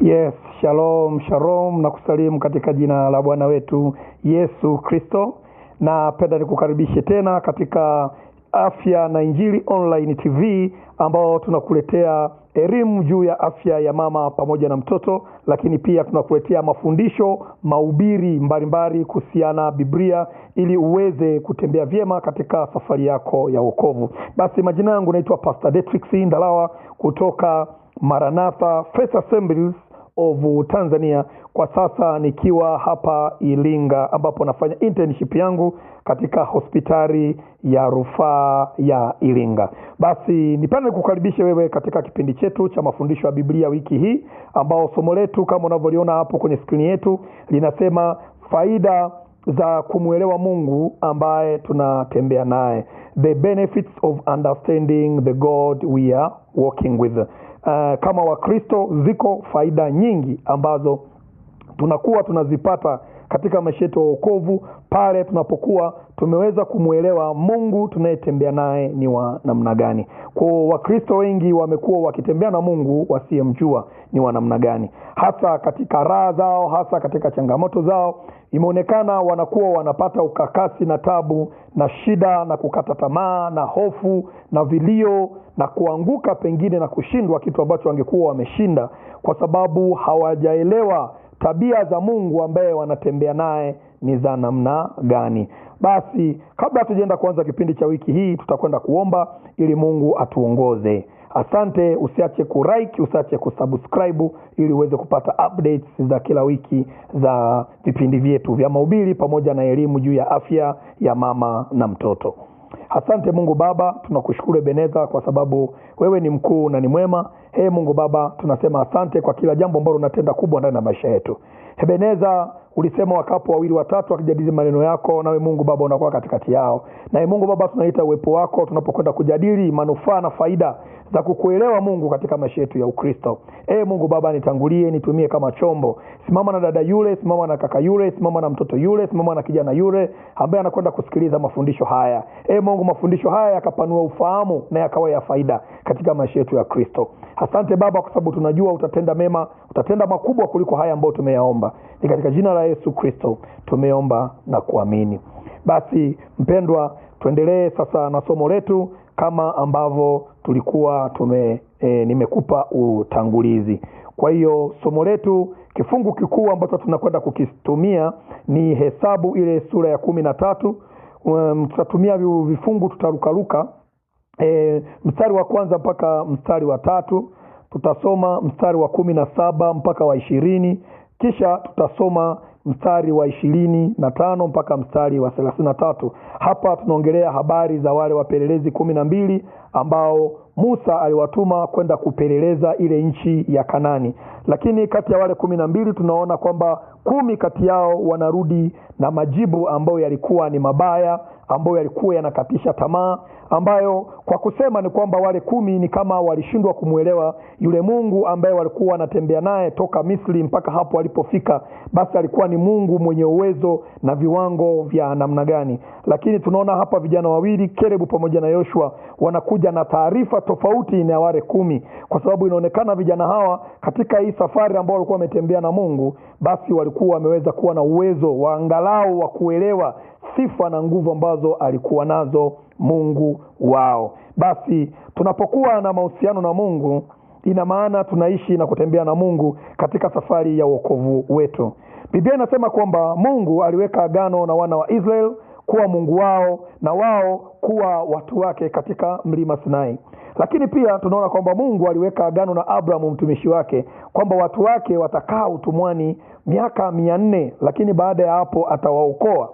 Yes, shalom shalom, na kusalimu katika jina la Bwana wetu Yesu Kristo. Napenda nikukaribishe tena katika Afya na Injili Online TV ambao tunakuletea elimu juu ya afya ya mama pamoja na mtoto, lakini pia tunakuletea mafundisho, mahubiri mbalimbali kuhusiana Biblia ili uweze kutembea vyema katika safari yako ya wokovu. Basi majina yangu naitwa Pastor Detrix Ndalawa kutoka Maranatha Faith Assemblies of Tanzania kwa sasa nikiwa hapa Ilinga ambapo nafanya internship yangu katika hospitali ya rufaa ya Iringa. Basi nipende kukaribisha wewe katika kipindi chetu cha mafundisho ya Biblia wiki hii, ambao somo letu kama unavyoliona hapo kwenye skrini yetu linasema faida za kumwelewa Mungu ambaye tunatembea naye, the benefits of understanding the God we are walking with uh, kama Wakristo ziko faida nyingi ambazo tunakuwa tunazipata katika maisha yetu ya wokovu pale tunapokuwa tumeweza kumwelewa Mungu tunayetembea naye ni wa namna gani. Kwa Wakristo wengi wamekuwa wakitembea na Mungu wasiyemjua ni wa namna gani, hasa katika raha zao, hasa katika changamoto zao. Imeonekana wanakuwa wanapata ukakasi na tabu na shida na kukata tamaa na hofu na vilio na kuanguka pengine na kushindwa kitu ambacho wangekuwa wameshinda, kwa sababu hawajaelewa tabia za Mungu ambaye wanatembea naye ni za namna gani basi kabla hatujaenda kuanza kipindi cha wiki hii tutakwenda kuomba ili mungu atuongoze asante usiache kuik usiache kusubscribe ili uweze kupata updates za kila wiki za vipindi vyetu vya maubili pamoja na elimu juu ya afya ya mama na mtoto asante mungu baba tunakushukuru beneza kwa sababu wewe ni mkuu na ni mwema hey, mungu baba tunasema asante kwa kila jambo ambalo unatenda kubwa ndani ya maisha yetu ebeneza ulisema wakapo wawili watatu wakijadili maneno yako, nawe Mungu Baba unakuwa katikati yao. Nawe Mungu Baba, tunaita uwepo wako tunapokwenda kujadili manufaa na faida za kukuelewa Mungu katika maisha yetu ya Ukristo. E Mungu Baba, nitangulie, nitumie kama chombo. Simama na dada yule, simama na kaka yule, simama na mtoto yule, simama na kijana yule ambaye anakwenda kusikiliza mafundisho haya. E Mungu, mafundisho haya yakapanua ufahamu na yakawa ya faida katika maisha yetu ya Kristo. Asante Baba, kwa sababu tunajua utatenda mema, utatenda makubwa kuliko haya ambayo tumeyaomba. Ni katika jina la la Yesu Kristo tumeomba na kuamini. Basi mpendwa, tuendelee sasa na somo letu kama ambavyo tulikuwa tume e, nimekupa utangulizi. Kwa hiyo somo letu kifungu kikuu ambacho tunakwenda kukitumia ni Hesabu ile sura ya kumi na tatu. Um, tutatumia vifungu tutarukaruka, e, mstari wa kwanza mpaka mstari wa tatu tutasoma mstari wa kumi na saba mpaka wa ishirini kisha tutasoma mstari wa ishirini na tano mpaka mstari wa thelathini na tatu hapa tunaongelea habari za wale wapelelezi kumi na mbili ambao Musa aliwatuma kwenda kupeleleza ile nchi ya Kanani, lakini kati ya wale kumi na mbili tunaona kwamba kumi kati yao wanarudi na majibu ambayo yalikuwa ni mabaya ambayo yalikuwa yanakatisha tamaa, ambayo kwa kusema ni kwamba wale kumi ni kama walishindwa kumwelewa yule Mungu ambaye walikuwa wanatembea naye toka Misri mpaka hapo walipofika. Basi alikuwa ni Mungu mwenye uwezo na viwango vya namna gani. Lakini tunaona hapa vijana wawili, Kalebu pamoja na Yoshua, wanakuja na taarifa tofauti na wale kumi, kwa sababu inaonekana vijana hawa katika hii safari ambao walikuwa wametembea na Mungu, basi walikuwa wameweza kuwa na uwezo wa angalau wa kuelewa sifa na nguvu ambazo alikuwa nazo mungu wao basi tunapokuwa na mahusiano na mungu ina maana tunaishi na kutembea na mungu katika safari ya uokovu wetu biblia inasema kwamba mungu aliweka agano na wana wa israel kuwa mungu wao na wao kuwa watu wake katika mlima sinai lakini pia tunaona kwamba mungu aliweka agano na abrahamu mtumishi wake kwamba watu wake watakaa utumwani miaka mia nne lakini baada ya hapo atawaokoa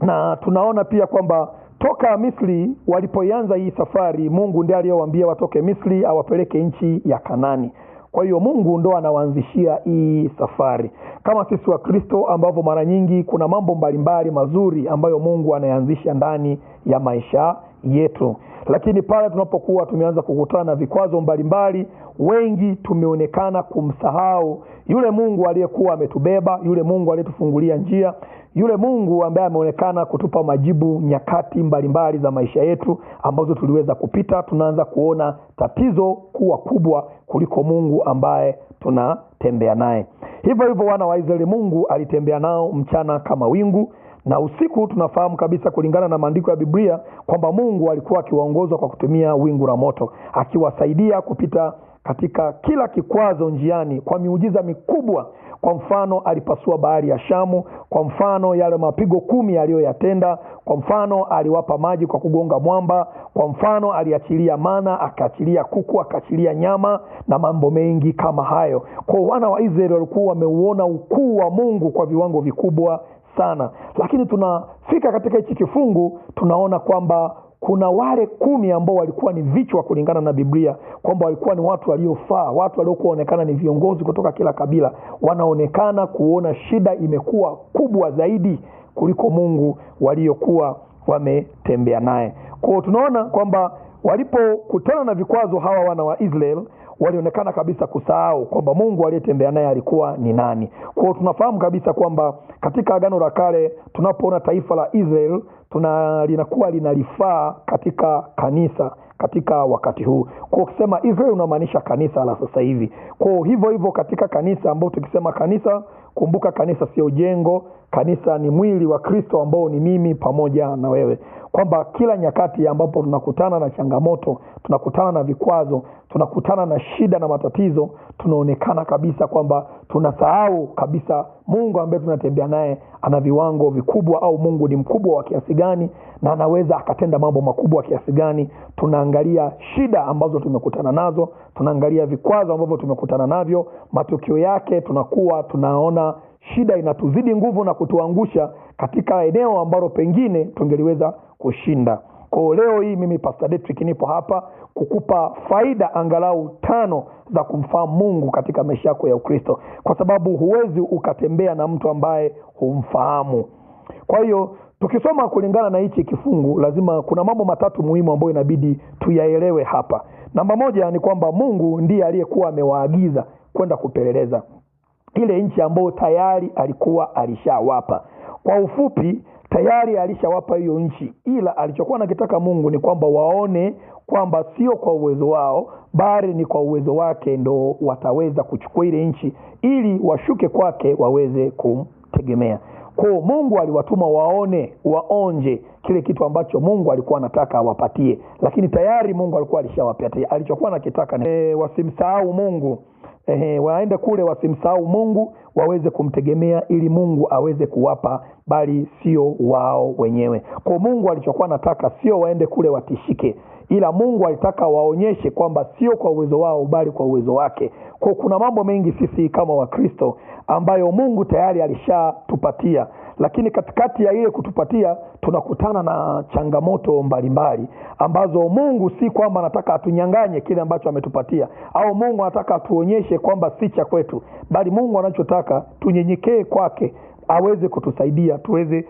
na tunaona pia kwamba toka Misri walipoianza hii safari, Mungu ndiye aliyowaambia watoke Misri awapeleke nchi ya Kanani. Kwa hiyo Mungu ndo anawaanzishia hii safari, kama sisi Wakristo ambavyo mara nyingi kuna mambo mbalimbali mazuri ambayo Mungu anayanzisha ndani ya maisha yetu. Lakini pale tunapokuwa tumeanza kukutana na vikwazo mbalimbali, wengi tumeonekana kumsahau yule Mungu aliyekuwa ametubeba, yule Mungu aliyetufungulia njia, yule Mungu ambaye ameonekana kutupa majibu nyakati mbalimbali za maisha yetu ambazo tuliweza kupita. Tunaanza kuona tatizo kuwa kubwa kuliko Mungu ambaye tunatembea naye. Hivyo hivyo wana wa Israeli, Mungu alitembea nao mchana kama wingu na usiku tunafahamu kabisa kulingana na maandiko ya Biblia kwamba Mungu alikuwa akiwaongozwa kwa kutumia wingu la moto, akiwasaidia kupita katika kila kikwazo njiani kwa miujiza mikubwa. Kwa mfano, alipasua bahari ya Shamu. Kwa mfano, yale mapigo kumi aliyoyatenda. Kwa mfano, aliwapa maji kwa kugonga mwamba. Kwa mfano, aliachilia mana, akaachilia kuku, akaachilia nyama na mambo mengi kama hayo. Kwa wana wa Israeli walikuwa wameuona ukuu wa Mungu kwa viwango vikubwa sana lakini tunafika katika hichi kifungu tunaona kwamba kuna wale kumi ambao walikuwa ni vichwa kulingana na Biblia, kwamba walikuwa ni watu waliofaa, watu waliokuwa onekana ni viongozi kutoka kila kabila, wanaonekana kuona shida imekuwa kubwa zaidi kuliko Mungu waliokuwa wametembea naye. kwao tunaona kwamba walipokutana na vikwazo hawa wana wa israel walionekana kabisa kusahau kwamba Mungu aliyetembea naye alikuwa ni nani. Kwao tunafahamu kabisa kwamba katika Agano la Kale tunapoona taifa la Israel tuna linakuwa linalifaa katika kanisa katika wakati huu. Kwa ukisema Israel unamaanisha kanisa la sasa hivi. Kwa hivyo hivyo katika kanisa ambao tukisema kanisa, kumbuka kanisa sio jengo, kanisa ni mwili wa Kristo ambao ni mimi pamoja na wewe, kwamba kila nyakati ambapo tunakutana na changamoto, tunakutana na vikwazo, tunakutana na shida na matatizo, tunaonekana kabisa kwamba tunasahau kabisa Mungu ambaye tunatembea naye ana viwango vikubwa, au Mungu ni mkubwa wa kiasi gani, na anaweza akatenda mambo makubwa kiasi gani tuna tunaangalia shida ambazo tumekutana nazo, tunaangalia vikwazo ambavyo tumekutana navyo. Matokeo yake tunakuwa tunaona shida inatuzidi nguvu na kutuangusha katika eneo ambalo pengine tungeliweza kushinda. Kwa leo hii mimi pastadetrik nipo hapa kukupa faida angalau tano za kumfahamu Mungu katika maisha yako ya Ukristo, kwa sababu huwezi ukatembea na mtu ambaye humfahamu. Kwa hiyo Tukisoma kulingana na hichi kifungu, lazima kuna mambo matatu muhimu ambayo inabidi tuyaelewe hapa. Namba moja ni kwamba Mungu ndiye aliyekuwa amewaagiza kwenda kupeleleza ile nchi ambayo tayari alikuwa alishawapa. Kwa ufupi, tayari alishawapa hiyo nchi, ila alichokuwa nakitaka Mungu ni kwamba waone kwamba sio kwa uwezo wao, bali ni kwa uwezo wake ndo wataweza kuchukua ile nchi, ili washuke kwake waweze kumtegemea kwao mungu aliwatuma waone waonje kile kitu ambacho mungu alikuwa anataka awapatie lakini tayari mungu alikuwa alishawapatia alichokuwa nakitaka e, eh, wasimsahau mungu Ehe, waende kule wasimsahau mungu waweze kumtegemea ili mungu aweze kuwapa bali sio wao wenyewe kwa mungu alichokuwa anataka sio waende kule watishike ila mungu alitaka waonyeshe kwamba sio kwa uwezo wao bali kwa uwezo wake kwa kuna mambo mengi sisi kama wakristo ambayo mungu tayari alishatupatia lakini katikati ya ile kutupatia tunakutana na changamoto mbalimbali mbali, ambazo mungu si kwamba anataka atunyanganye kile ambacho ametupatia au mungu anataka atuonyeshe kwamba si cha kwetu bali mungu anachotaka tunyenyekee kwake aweze kutusaidia tuweze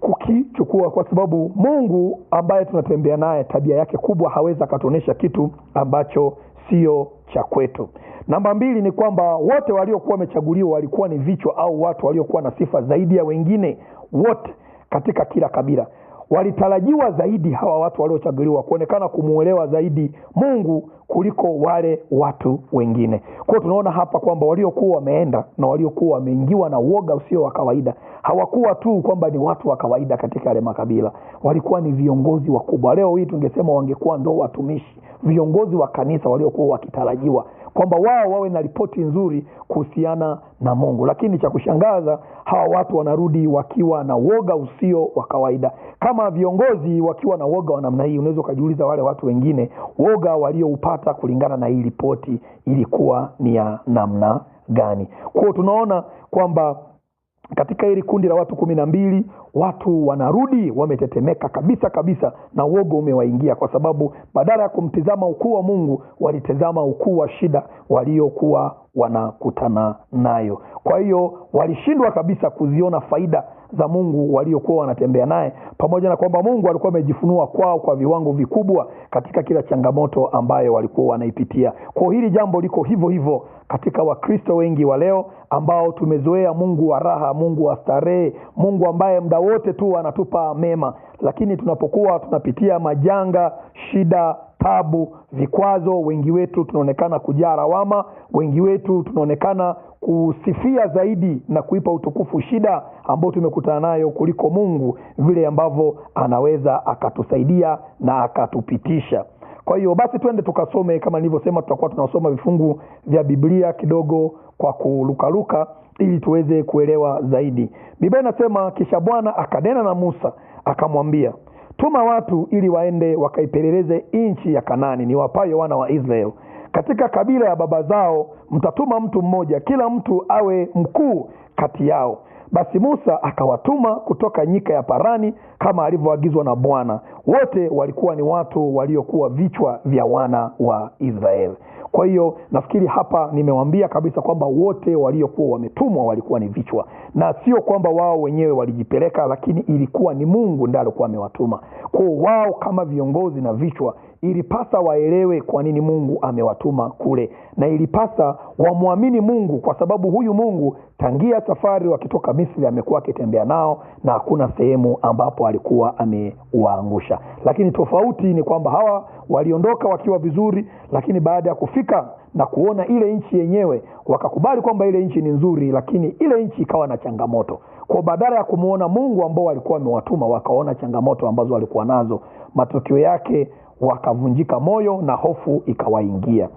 kukichukua kwa sababu mungu ambaye tunatembea naye tabia yake kubwa hawezi akatuonyesha kitu ambacho sio cha kwetu. Namba mbili ni kwamba wote waliokuwa wamechaguliwa walikuwa ni vichwa au watu waliokuwa na sifa zaidi ya wengine wote katika kila kabila. Walitarajiwa zaidi hawa watu waliochaguliwa kuonekana kumuelewa zaidi Mungu kuliko wale watu wengine. kwao tunaona hapa kwamba waliokuwa wameenda na waliokuwa wameingiwa na uoga usio wa kawaida hawakuwa tu kwamba ni watu wa kawaida katika yale makabila, walikuwa ni viongozi wakubwa. Leo hii tungesema wangekuwa ndo watumishi, viongozi wa kanisa waliokuwa wakitarajiwa kwamba wao wawe na ripoti nzuri kuhusiana na Mungu. Lakini cha kushangaza, hawa watu wanarudi wakiwa na woga usio wa kawaida. Kama viongozi wakiwa na woga wa namna hii, unaweza ukajiuliza wale watu wengine woga walioupata kulingana na hii ripoti ilikuwa ni ya namna gani? Kwao tunaona kwamba katika hili kundi la watu kumi na mbili watu wanarudi wametetemeka kabisa kabisa, na uogo umewaingia kwa sababu badala ya kumtizama ukuu wa Mungu walitizama ukuu wa shida waliokuwa wanakutana nayo. Kwa hiyo walishindwa kabisa kuziona faida za Mungu waliokuwa wanatembea naye, pamoja na kwamba Mungu alikuwa amejifunua kwao kwa viwango vikubwa katika kila changamoto ambayo walikuwa wanaipitia. Kwa hili jambo liko hivyo hivyo katika Wakristo wengi wa leo ambao tumezoea Mungu wa raha, Mungu wa starehe, Mungu ambaye muda wote tu anatupa mema, lakini tunapokuwa tunapitia majanga, shida tabu, vikwazo. Wengi wetu tunaonekana kujaa lawama, wengi wetu tunaonekana kusifia zaidi na kuipa utukufu shida ambayo tumekutana nayo kuliko Mungu vile ambavyo anaweza akatusaidia na akatupitisha. Kwa hiyo basi, twende tukasome. Kama nilivyosema, tutakuwa tunasoma vifungu vya Biblia kidogo kwa kurukaruka, ili tuweze kuelewa zaidi. Biblia inasema, kisha Bwana akanena na Musa akamwambia tuma watu ili waende wakaipeleleze nchi ya Kanani ni wapayo wana wa Israeli katika kabila ya baba zao, mtatuma mtu mmoja, kila mtu awe mkuu kati yao. Basi Musa akawatuma kutoka nyika ya Parani kama alivyoagizwa na Bwana. Wote walikuwa ni watu waliokuwa vichwa vya wana wa Israeli. Kwa hiyo nafikiri hapa nimewambia kabisa kwamba wote waliokuwa wametumwa walikuwa ni vichwa, na sio kwamba wao wenyewe walijipeleka, lakini ilikuwa ni Mungu ndiye alikuwa amewatuma. kwao. wao kama viongozi na vichwa ilipasa waelewe kwa nini mungu amewatuma kule na ilipasa wamwamini mungu kwa sababu huyu mungu tangia safari wakitoka misri amekuwa akitembea nao na hakuna sehemu ambapo alikuwa amewaangusha lakini tofauti ni kwamba hawa waliondoka wakiwa vizuri lakini baada ya kufika na kuona ile nchi yenyewe wakakubali kwamba ile nchi ni nzuri lakini ile nchi ikawa na changamoto kwa badala ya kumwona mungu ambao walikuwa wamewatuma wakaona changamoto ambazo walikuwa nazo matokeo yake wakavunjika moyo na hofu ikawaingia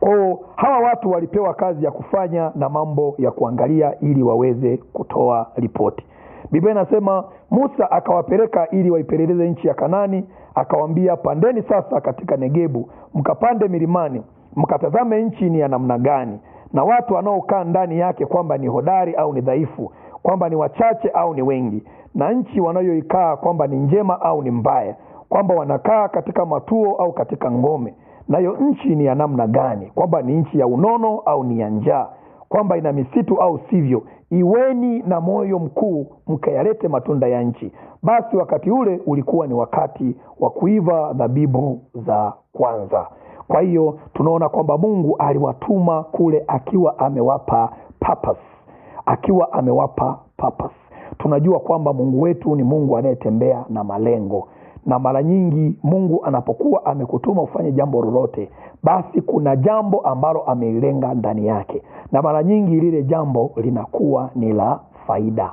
kwao hawa watu walipewa kazi ya kufanya na mambo ya kuangalia ili waweze kutoa ripoti biblia inasema musa akawapeleka ili waipeleleze nchi ya kanani akawambia pandeni sasa katika negebu mkapande milimani mkatazame nchi ni ya namna gani na watu wanaokaa ndani yake kwamba ni hodari au ni dhaifu kwamba ni wachache au ni wengi, na nchi wanayoikaa kwamba ni njema au ni mbaya, kwamba wanakaa katika matuo au katika ngome, nayo nchi ni ya namna gani, kwamba ni nchi ya unono au ni ya njaa, kwamba ina misitu au sivyo. Iweni na moyo mkuu, mkayalete matunda ya nchi. Basi wakati ule ulikuwa ni wakati wa kuiva dhabibu za kwanza. Kwa hiyo tunaona kwamba Mungu aliwatuma kule akiwa amewapa purpose akiwa amewapa purpose. Tunajua kwamba Mungu wetu ni Mungu anayetembea na malengo, na mara nyingi Mungu anapokuwa amekutuma ufanye jambo lolote, basi kuna jambo ambalo ameilenga ndani yake, na mara nyingi lile jambo linakuwa ni la faida.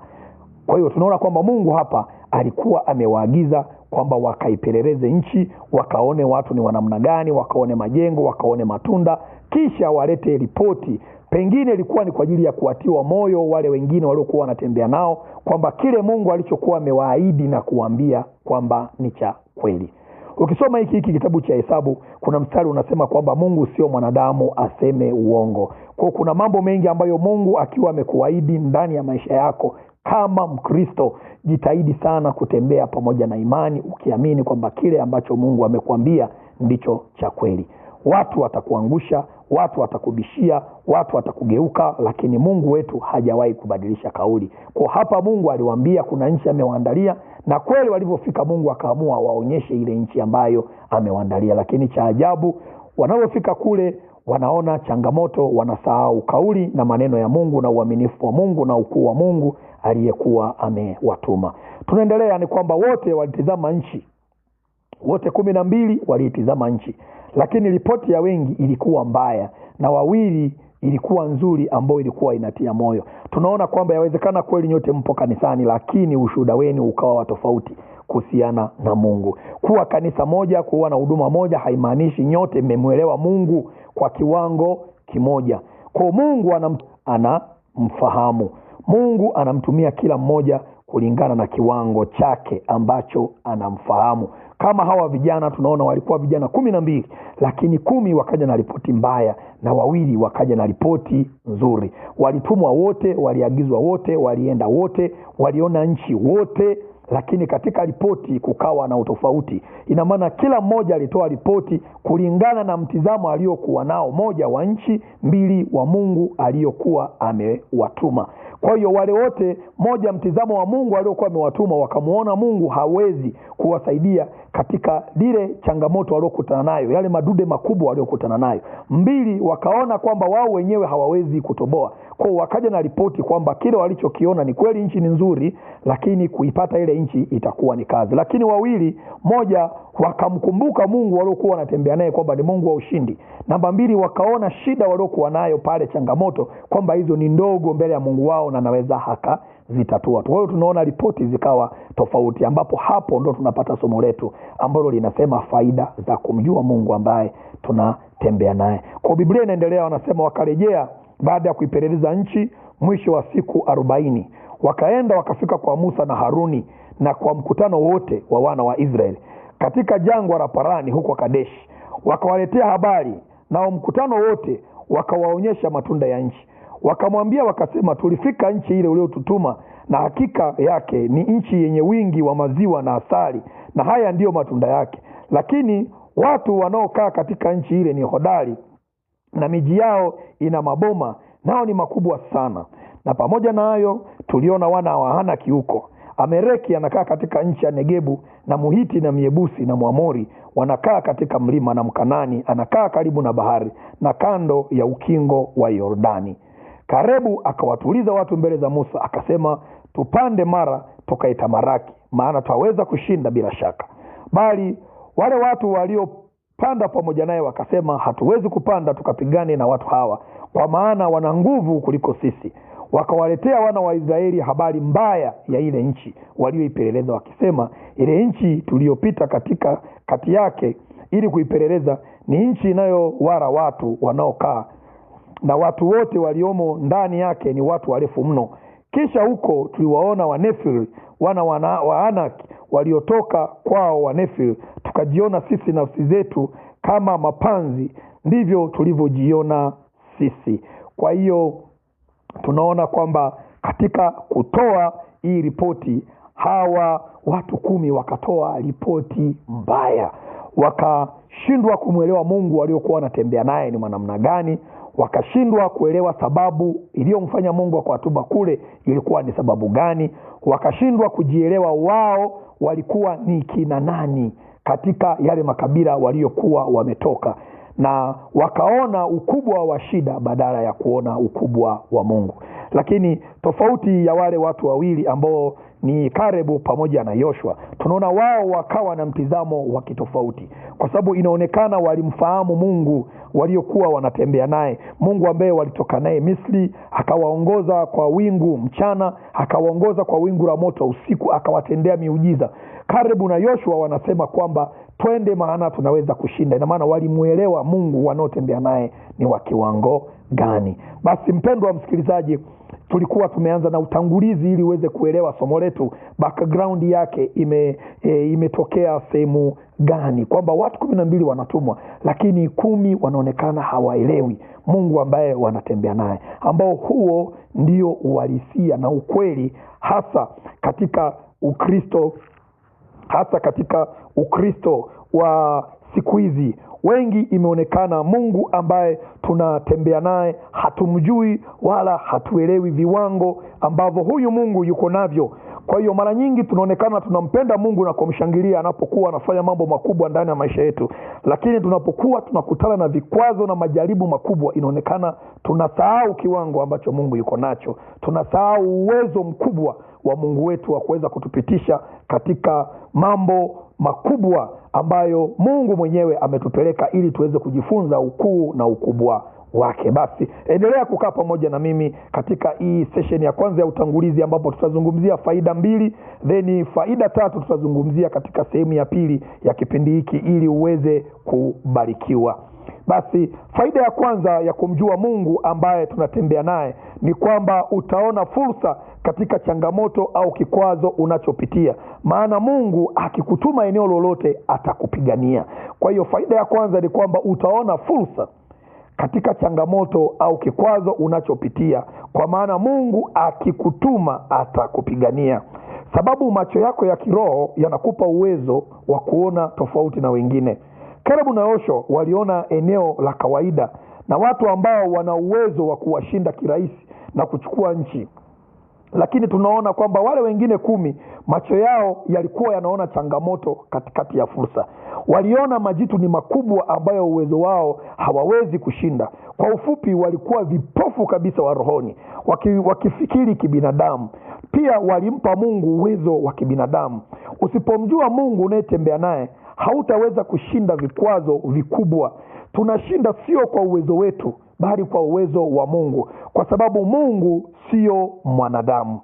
Kwa hiyo tunaona kwamba Mungu hapa alikuwa amewaagiza kwamba wakaipeleleze nchi, wakaone watu ni wanamna gani, wakaone majengo, wakaone matunda, kisha walete ripoti pengine ilikuwa ni kwa ajili ya kuwatiwa moyo wale wengine waliokuwa wanatembea nao kwamba kile mungu alichokuwa amewaahidi na kuwaambia kwamba ni cha kweli ukisoma hiki hiki kitabu cha hesabu kuna mstari unasema kwamba mungu sio mwanadamu aseme uongo kwao kuna mambo mengi ambayo mungu akiwa amekuahidi ndani ya maisha yako kama mkristo jitahidi sana kutembea pamoja na imani ukiamini kwamba kile ambacho mungu amekuambia ndicho cha kweli watu watakuangusha, watu watakubishia, watu watakugeuka, lakini Mungu wetu hajawahi kubadilisha kauli. Kwa hapa Mungu aliwaambia kuna nchi amewaandalia, na kweli walivyofika, Mungu akaamua waonyeshe ile nchi ambayo amewaandalia. Lakini cha ajabu, wanavyofika kule wanaona changamoto, wanasahau kauli na maneno ya Mungu na uaminifu wa Mungu na ukuu wa Mungu aliyekuwa amewatuma. Tunaendelea, ni kwamba wote walitizama nchi wote kumi na mbili waliitizama nchi, lakini ripoti ya wengi ilikuwa mbaya na wawili ilikuwa nzuri, ambayo ilikuwa inatia moyo. Tunaona kwamba yawezekana kweli nyote mpo kanisani, lakini ushuhuda wenu ukawa wa tofauti kuhusiana na Mungu. Kuwa kanisa moja, kuwa na huduma moja haimaanishi nyote mmemwelewa Mungu kwa kiwango kimoja. ko Mungu anamfahamu ana Mungu anamtumia kila mmoja kulingana na kiwango chake ambacho anamfahamu kama hawa vijana tunaona walikuwa vijana kumi na mbili lakini kumi wakaja na ripoti mbaya na wawili wakaja na ripoti nzuri walitumwa wote waliagizwa wote walienda wote waliona nchi wote lakini katika ripoti kukawa na utofauti ina maana kila mmoja alitoa ripoti kulingana na mtizamo aliyokuwa nao moja wa nchi mbili wa mungu aliyokuwa amewatuma kwa hiyo wale wote, moja mtizamo wa Mungu aliokuwa amewatuma, wakamwona Mungu hawezi kuwasaidia katika lile changamoto waliokutana nayo, yale madude makubwa waliokutana nayo. Mbili, wakaona kwamba wao wenyewe hawawezi kutoboa, kwao wakaja na ripoti kwamba kile walichokiona ni kweli, nchi ni nzuri, lakini kuipata ile nchi itakuwa ni kazi. Lakini wawili, moja wakamkumbuka Mungu waliokuwa wanatembea naye kwamba ni Mungu wa ushindi. Namba mbili, wakaona shida waliokuwa nayo pale, changamoto kwamba hizo ni ndogo mbele ya Mungu wao na anaweza haka tu. Kwa hiyo tunaona ripoti zikawa tofauti, ambapo hapo ndo tunapata somo letu ambalo linasema faida za kumjua Mungu ambaye tunatembea naye. Kwa Biblia inaendelea, wanasema wakarejea baada ya kuipeleleza nchi mwisho wa siku arobaini wakaenda wakafika kwa Musa na Haruni na kwa mkutano wote wa wana wa Israeli katika jangwa la Parani huko Kadeshi, wakawaletea habari nao mkutano wote, wakawaonyesha matunda ya nchi. Wakamwambia wakasema, tulifika nchi ile uliotutuma, na hakika yake ni nchi yenye wingi wa maziwa na asali, na haya ndiyo matunda yake. Lakini watu wanaokaa katika nchi ile ni hodari, na miji yao ina maboma, nao ni makubwa sana. Na pamoja na hayo tuliona wana wa Hanaki huko. Amereki anakaa katika nchi ya Negebu, na Muhiti na myebusi na Mwamori wanakaa katika mlima, na Mkanani anakaa karibu na bahari na kando ya ukingo wa Yordani. Karebu akawatuliza watu mbele za Musa akasema, tupande mara tukaitamaraki, maana twaweza kushinda bila shaka. Bali wale watu waliopanda pamoja naye wakasema, hatuwezi kupanda tukapigane na watu hawa, kwa maana wana nguvu kuliko sisi. Wakawaletea wana wa Israeli habari mbaya ya ile nchi walioipeleleza, wakisema, ile nchi tuliyopita katika kati yake ili kuipeleleza ni nchi inayowara watu wanaokaa na watu wote waliomo ndani yake ni watu warefu mno kisha huko tuliwaona wanefil wana wana waliotoka kwao wanefil tukajiona sisi nafsi zetu kama mapanzi ndivyo tulivyojiona sisi kwa hiyo tunaona kwamba katika kutoa hii ripoti hawa watu kumi wakatoa ripoti mbaya wakashindwa kumwelewa mungu waliokuwa wanatembea naye ni mwanamna gani wakashindwa kuelewa sababu iliyomfanya Mungu akawatuma kule ilikuwa ni sababu gani, wakashindwa kujielewa wao walikuwa ni kina nani katika yale makabila waliokuwa wametoka, na wakaona ukubwa wa shida badala ya kuona ukubwa wa Mungu. Lakini tofauti ya wale watu wawili ambao ni Karebu pamoja na Yoshua, tunaona wao wakawa na mtizamo wa kitofauti, kwa sababu inaonekana walimfahamu Mungu waliokuwa wanatembea naye mungu ambaye walitoka naye misri akawaongoza kwa wingu mchana akawaongoza kwa wingu la moto usiku akawatendea miujiza karibu na yoshua wanasema kwamba twende maana tunaweza kushinda inamaana walimwelewa mungu wanaotembea naye ni wa kiwango gani basi mpendwa msikilizaji tulikuwa tumeanza na utangulizi ili uweze kuelewa somo letu background yake ime, e, imetokea sehemu gani kwamba watu kumi na mbili wanatumwa lakini kumi wanaonekana hawaelewi mungu ambaye wanatembea naye ambao huo ndio uhalisia na ukweli hasa katika ukristo hasa katika ukristo wa siku hizi wengi imeonekana Mungu ambaye tunatembea naye hatumjui wala hatuelewi viwango ambavyo huyu Mungu yuko navyo. Kwa hiyo mara nyingi tunaonekana tunampenda Mungu na kumshangilia anapokuwa anafanya mambo makubwa ndani ya maisha yetu, lakini tunapokuwa tunakutana na vikwazo na majaribu makubwa, inaonekana tunasahau kiwango ambacho Mungu yuko nacho, tunasahau uwezo mkubwa wa Mungu wetu wa kuweza kutupitisha katika mambo makubwa ambayo Mungu mwenyewe ametupeleka ili tuweze kujifunza ukuu na ukubwa wake. Basi endelea kukaa pamoja na mimi katika hii sesheni ya kwanza ya utangulizi, ambapo tutazungumzia faida mbili, then faida tatu tutazungumzia katika sehemu ya pili ya kipindi hiki, ili uweze kubarikiwa. Basi faida ya kwanza ya kumjua Mungu ambaye tunatembea naye ni kwamba utaona fursa katika changamoto au kikwazo unachopitia, maana Mungu akikutuma eneo lolote atakupigania. Kwa hiyo faida ya kwanza ni kwamba utaona fursa katika changamoto au kikwazo unachopitia, kwa maana Mungu akikutuma atakupigania. Sababu macho yako ya kiroho yanakupa uwezo wa kuona tofauti na wengine. Kalebu na Yoshua waliona eneo la kawaida na watu ambao wana uwezo wa kuwashinda kirahisi na kuchukua nchi lakini tunaona kwamba wale wengine kumi macho yao yalikuwa yanaona changamoto katikati ya fursa waliona majitu ni makubwa ambayo uwezo wao hawawezi kushinda kwa ufupi walikuwa vipofu kabisa wa rohoni waki, wakifikiri kibinadamu pia walimpa mungu uwezo wa kibinadamu usipomjua mungu unayetembea naye hautaweza kushinda vikwazo vikubwa tunashinda sio kwa uwezo wetu bali kwa uwezo wa Mungu, kwa sababu Mungu sio mwanadamu.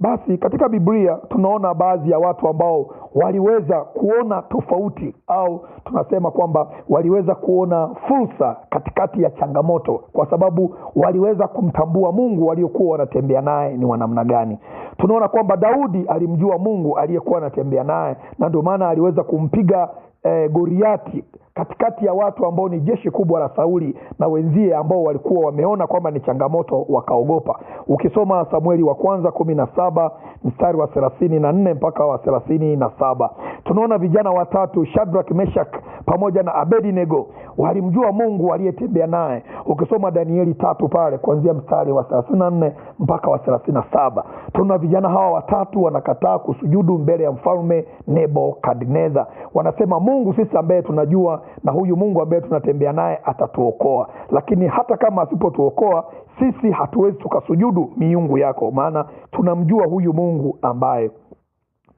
Basi katika Biblia tunaona baadhi ya watu ambao waliweza kuona tofauti au tunasema kwamba waliweza kuona fursa katikati ya changamoto kwa sababu waliweza kumtambua mungu waliokuwa wanatembea naye ni wanamna gani tunaona kwamba daudi alimjua mungu aliyekuwa anatembea naye na ndio maana aliweza kumpiga e, eh, goriati katikati ya watu ambao ni jeshi kubwa la sauli na wenzie ambao walikuwa wameona kwamba ni changamoto wakaogopa ukisoma samueli wa kwanza kumi na saba mstari wa thelathini na nne mpaka wa thelathini na saba saba tunaona vijana watatu shadrak meshak pamoja na abedinego walimjua mungu aliyetembea naye ukisoma danieli tatu pale kuanzia mstari wa thelathini na nne mpaka wa thelathini na saba tunaona vijana hawa watatu wanakataa kusujudu mbele ya mfalme nebukadnezar wanasema mungu sisi ambaye tunajua na huyu mungu ambaye tunatembea naye atatuokoa lakini hata kama asipotuokoa sisi hatuwezi tukasujudu miungu yako maana tunamjua huyu mungu ambaye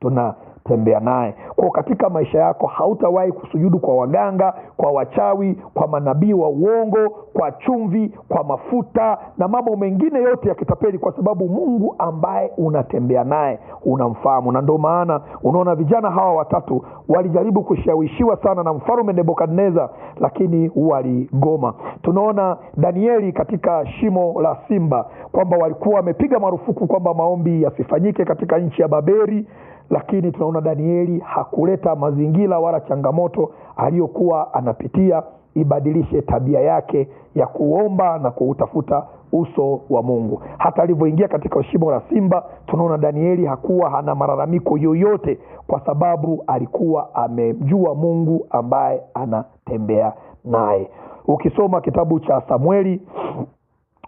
tuna kutembea naye kwao katika maisha yako hautawahi kusujudu kwa waganga kwa wachawi kwa manabii wa uongo kwa chumvi kwa mafuta na mambo mengine yote ya kitapeli kwa sababu mungu ambaye unatembea naye unamfahamu na ndio maana unaona vijana hawa watatu walijaribu kushawishiwa sana na mfalume nebukadnezar lakini waligoma tunaona danieli katika shimo la simba kwamba walikuwa wamepiga marufuku kwamba maombi yasifanyike katika nchi ya baberi lakini tunaona Bwana Danieli hakuleta mazingira wala changamoto aliyokuwa anapitia ibadilishe tabia yake ya kuomba na kuutafuta uso wa Mungu. Hata alivyoingia katika shimo la simba, tunaona Danieli hakuwa hana malalamiko yoyote, kwa sababu alikuwa amemjua Mungu ambaye anatembea naye. Ukisoma kitabu cha Samueli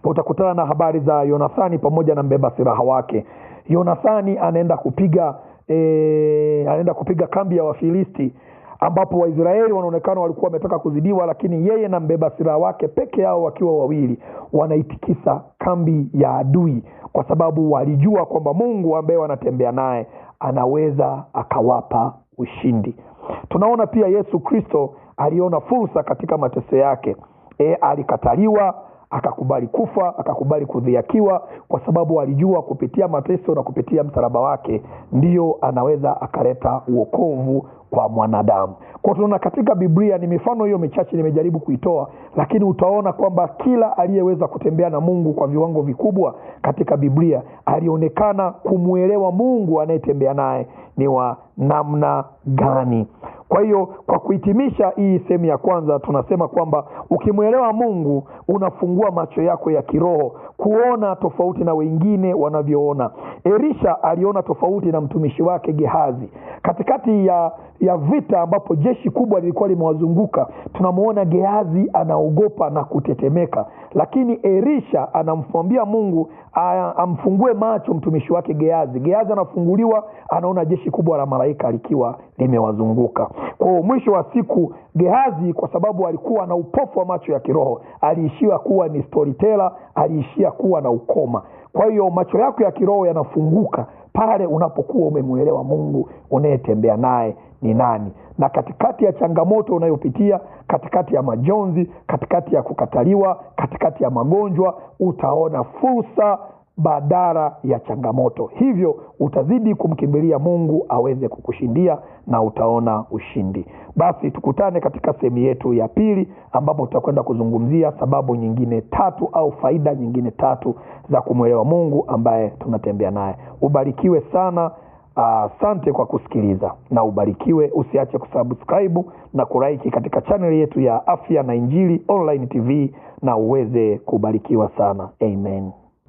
utakutana na habari za Yonathani pamoja na mbeba silaha wake. Yonathani anaenda kupiga e, anaenda kupiga kambi ya Wafilisti ambapo Waisraeli wanaonekana walikuwa wametaka kuzidiwa, lakini yeye na mbeba silaha wake peke yao wakiwa wawili wanaitikisa kambi ya adui, kwa sababu walijua kwamba Mungu ambaye wanatembea naye anaweza akawapa ushindi. Tunaona pia Yesu Kristo aliona fursa katika mateso yake. E, alikataliwa akakubali kufa, akakubali kudhiakiwa, kwa sababu alijua kupitia mateso na kupitia msalaba wake ndiyo anaweza akaleta uokovu kwa mwanadamu kwa tunaona katika biblia ni mifano hiyo michache nimejaribu kuitoa lakini utaona kwamba kila aliyeweza kutembea na mungu kwa viwango vikubwa katika biblia alionekana kumwelewa mungu anayetembea naye ni wa namna gani kwa hiyo kwa kuhitimisha hii sehemu ya kwanza tunasema kwamba ukimwelewa mungu unafungua macho yako ya kiroho kuona tofauti na wengine wanavyoona elisha aliona tofauti na mtumishi wake gehazi katikati ya ya vita ambapo jeshi kubwa lilikuwa limewazunguka, tunamwona geazi anaogopa na kutetemeka, lakini erisha anamwambia Mungu amfungue macho mtumishi wake geazi geazi anafunguliwa, anaona jeshi kubwa la malaika likiwa limewazunguka. Kwa mwisho wa siku, Gehazi kwa sababu alikuwa na upofu wa macho ya kiroho, aliishia kuwa ni storyteller, aliishia kuwa na ukoma. Kwa hiyo macho yako ya kiroho yanafunguka pale unapokuwa umemwelewa Mungu unayetembea naye ni nani, na katikati ya changamoto unayopitia, katikati ya majonzi, katikati ya kukataliwa, katikati ya magonjwa, utaona fursa badala ya changamoto. Hivyo utazidi kumkimbilia Mungu aweze kukushindia na utaona ushindi. Basi tukutane katika sehemu yetu ya pili, ambapo tutakwenda kuzungumzia sababu nyingine tatu au faida nyingine tatu za kumwelewa Mungu ambaye tunatembea naye. Ubarikiwe sana. Asante uh, kwa kusikiliza na ubarikiwe. Usiache kusubscribe na kuraiki katika chaneli yetu ya Afya na Injili Online TV na uweze kubarikiwa sana. Amen.